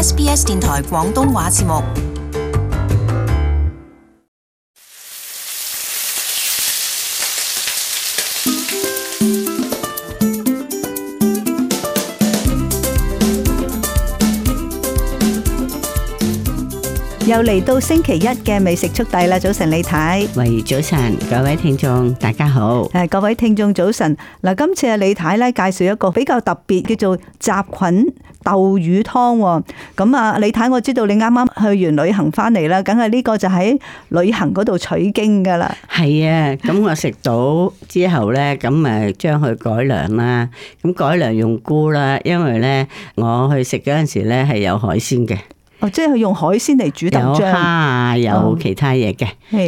SBS 電台廣東話節目。又嚟到星期一嘅美食速遞啦！早晨李太，喂，早晨各位聽眾，大家好。誒，各位聽眾早晨。嗱，今次啊，李太咧介紹一個比較特別，叫做雜菌豆魚湯。咁、嗯、啊，李太我知道你啱啱去完旅行翻嚟啦，梗係呢個就喺旅行嗰度取經噶啦。係啊，咁我食到之後咧，咁誒 將佢改良啦。咁改良用菇啦，因為咧我去食嗰陣時咧係有海鮮嘅。哦，即係用海鮮嚟煮豆漿，有蝦啊，有其他嘢嘅。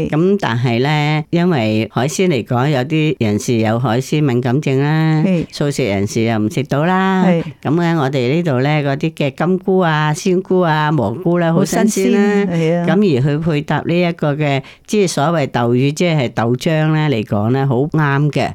咁、嗯、但係咧，因為海鮮嚟講，有啲人士有海鮮敏感症啦，是素食人士又唔食到啦。咁咧是，我哋呢度咧嗰啲嘅金菇啊、鮮菇啊、蘑菇啦，好新鮮啦。咁、啊、而去配搭呢一個嘅，即係所謂豆乳，即係豆漿咧嚟講咧，好啱嘅。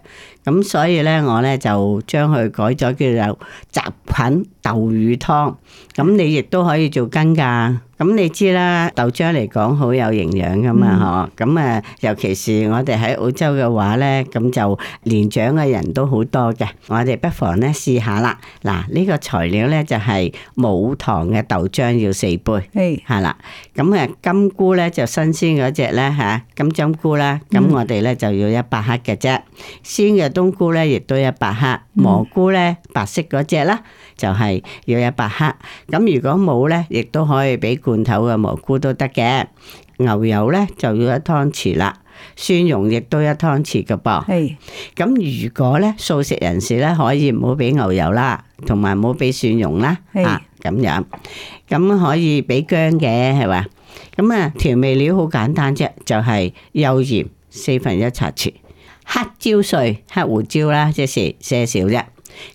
咁所以咧，我咧就將佢改咗叫做雜菌。豆乳湯，咁你亦都可以做羹噶。咁你知啦，豆漿嚟講好有營養噶嘛，嗬。咁啊，尤其是我哋喺澳洲嘅話咧，咁就年長嘅人都好多嘅。我哋不妨咧試下啦。嗱，呢個材料咧就係冇糖嘅豆漿，要四杯。係，係啦。咁啊，金菇咧就新鮮嗰隻咧吓，金針菇啦。咁我哋咧就要一百克嘅啫。鮮嘅冬菇咧亦都一百克，蘑菇咧白色嗰隻啦，就係。要一百克，咁如果冇咧，亦都可以俾罐頭嘅蘑菇都得嘅。牛油咧就要一湯匙啦，蒜蓉亦都一湯匙嘅噃。係，咁如果咧素食人士咧，可以唔好俾牛油啦，同埋唔好俾蒜蓉啦。係，咁樣咁可以俾薑嘅係嘛？咁啊，調味料好簡單啫，就係幼鹽四分一茶匙，黑椒碎、黑胡椒啦，即係些少啫。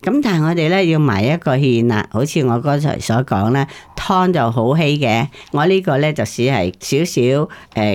咁但係我哋咧要埋一個芡啦，好似我剛才所講咧。湯就好稀嘅，我呢個咧就只係少少誒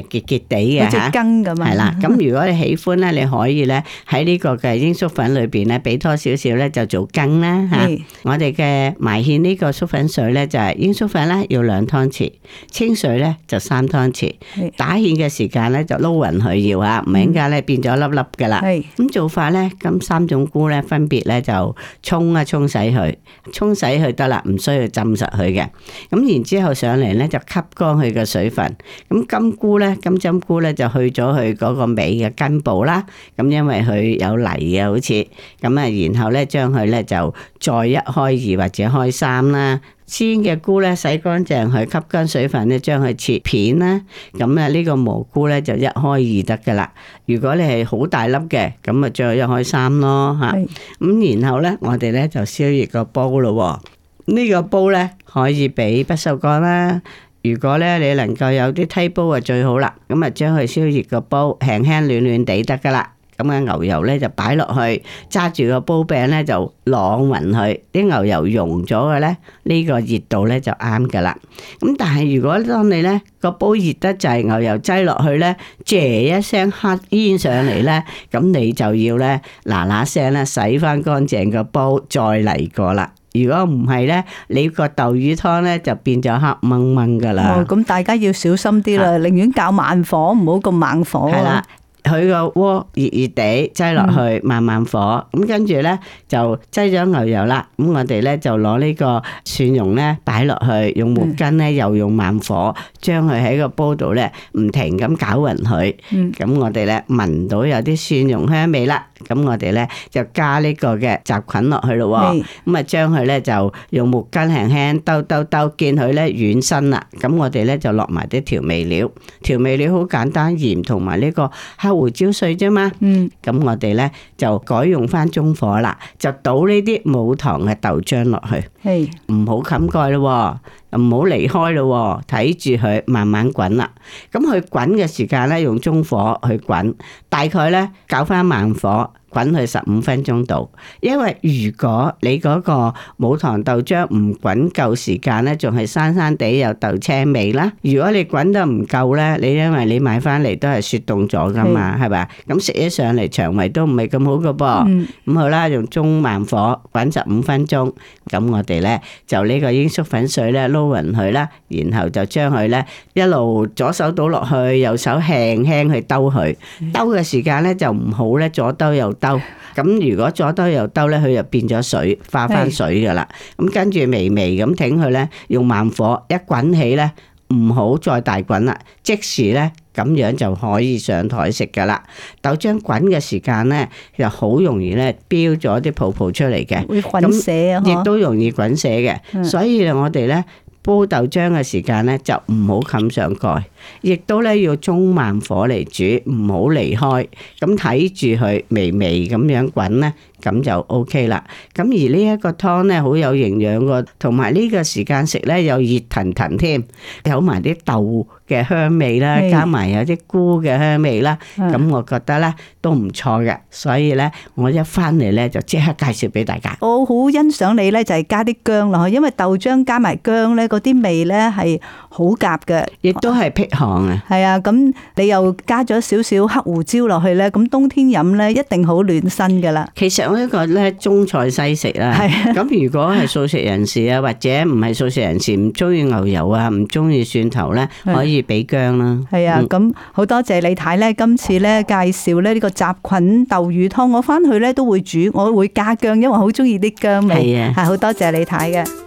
結結地嘅羹噉樣，係啦。咁如果你喜歡咧，你可以咧喺呢個嘅鷹粟粉裏邊咧俾多少少咧就做羹啦嚇。我哋嘅埋芡呢個粟粉水咧就係鷹粟粉咧要兩湯匙清水咧就三湯匙，打芡嘅時間咧就撈勻佢要呀，唔應該咧變咗粒粒㗎啦。咁做法咧，咁三種菇咧分別咧就沖一沖洗佢，沖洗佢得啦，唔需要浸實佢嘅。咁然之後上嚟咧就吸乾佢嘅水分。咁金菇咧，金針菇咧就去咗佢嗰個尾嘅根部啦。咁因為佢有泥嘅好似。咁啊，然後咧將佢咧就再一開二或者開三啦。鮮嘅菇咧洗乾淨，佢吸乾水分咧，將佢切片啦。咁啊，呢個蘑菇咧就一開二得㗎喇。如果你係好大粒嘅，咁啊再一開三咯嚇。咁是然後咧，我哋咧就燒熱個煲咯。呢個煲呢，可以俾不鏽鋼啦。如果呢你能夠有啲梯煲啊，最好啦。咁啊，將佢燒熱個煲，輕輕暖暖地得噶啦。咁啊，牛油呢，就擺落去，揸住個煲柄呢，就晾勻佢。啲牛油溶咗嘅呢，呢、呢個熱度呢，就啱噶啦。咁但係如果當你呢個煲熱得滯，牛油擠落去呢，謝一聲黑煙上嚟呢，咁你就要呢嗱嗱聲呢，洗翻乾淨個煲，再嚟過啦。如果唔係呢，你個豆乳湯呢就變咗黑濛濛噶啦。咁、哎、大家要小心啲啦，寧願較慢火，唔好咁猛火啦。佢個鍋熱熱地擠落去，慢慢火咁跟住咧就擠咗牛油啦。咁我哋咧就攞呢個蒜蓉咧擺落去，用木根咧又用慢火將佢喺個煲度咧唔停咁攪勻佢。咁我哋咧聞到有啲蒜蓉香味啦，咁我哋咧就加呢個嘅雜菌落去咯。咁啊將佢咧就用木根輕輕兜兜兜，見佢咧軟身啦。咁我哋咧就落埋啲調味料，調味料好簡單，鹽同埋呢個黑胡椒碎啫嘛，嗯、咁、我哋咧就改用翻中火啦，就倒呢啲冇糖嘅豆漿落去，係，唔好冚蓋咯，又唔好離開咯，睇住佢慢慢滾啦。咁佢滾嘅時間咧，用中火去滾，大概咧搞翻慢火。滾去十五分鐘度，因為如果你嗰個冇糖豆漿唔滾夠時間咧，仲係生生地有豆青味啦。如果你滾得唔夠咧，你因為你買翻嚟都係雪凍咗噶嘛，係咪？咁食起上嚟腸胃都唔係咁好噶噃。咁好啦，用中慢火滾十五分鐘。咁我哋咧就呢個鷹粟粉水咧撈勻佢啦，然後就將佢咧一路左手倒落去，右手輕輕去兜佢。兜嘅時間咧就唔好咧，左兜右兜。咁如果左兜右兜咧，佢就變咗水，化翻水噶啦。咁跟住微微咁挺佢咧，用慢火一滾起咧，唔好再大滾啦。即時咧咁樣就可以上台食噶啦。豆漿滾嘅時間咧，就好容易咧標咗啲泡泡出嚟嘅，會滾死嘅，亦都容易滾死嘅。所以啊，我哋咧。煲豆漿嘅時間呢，就唔好冚上蓋，亦都呢要中慢火嚟煮，唔好離開，咁睇住佢微微咁樣滾呢。咁就 O K 啦。咁而呢一個湯咧，好有營養個，同埋呢個時間食咧又熱騰騰添，有埋啲豆嘅香味啦，加埋有啲菇嘅香味啦。咁我覺得咧都唔錯嘅，所以咧我一翻嚟，咧就即刻介紹俾大家。我好欣賞你咧，就係加啲薑落去，因為豆漿加埋薑咧，嗰啲味咧係好夾嘅，亦都係辟寒啊。係啊，咁你又加咗少少黑胡椒落去咧，咁冬天飲咧一定好暖身噶啦。其實。講一個咧中菜西食啦，咁的如果係素食人士啊， 或者唔係素食人士唔中意牛油啊，唔中意蒜頭咧，的可以俾薑啦。係啊的，咁好多謝李太咧，今次咧介紹咧呢個雜菌豆乳湯，我翻去咧都會煮，我會加薑，因為好中意啲薑味。係啊的，係好多謝李太嘅。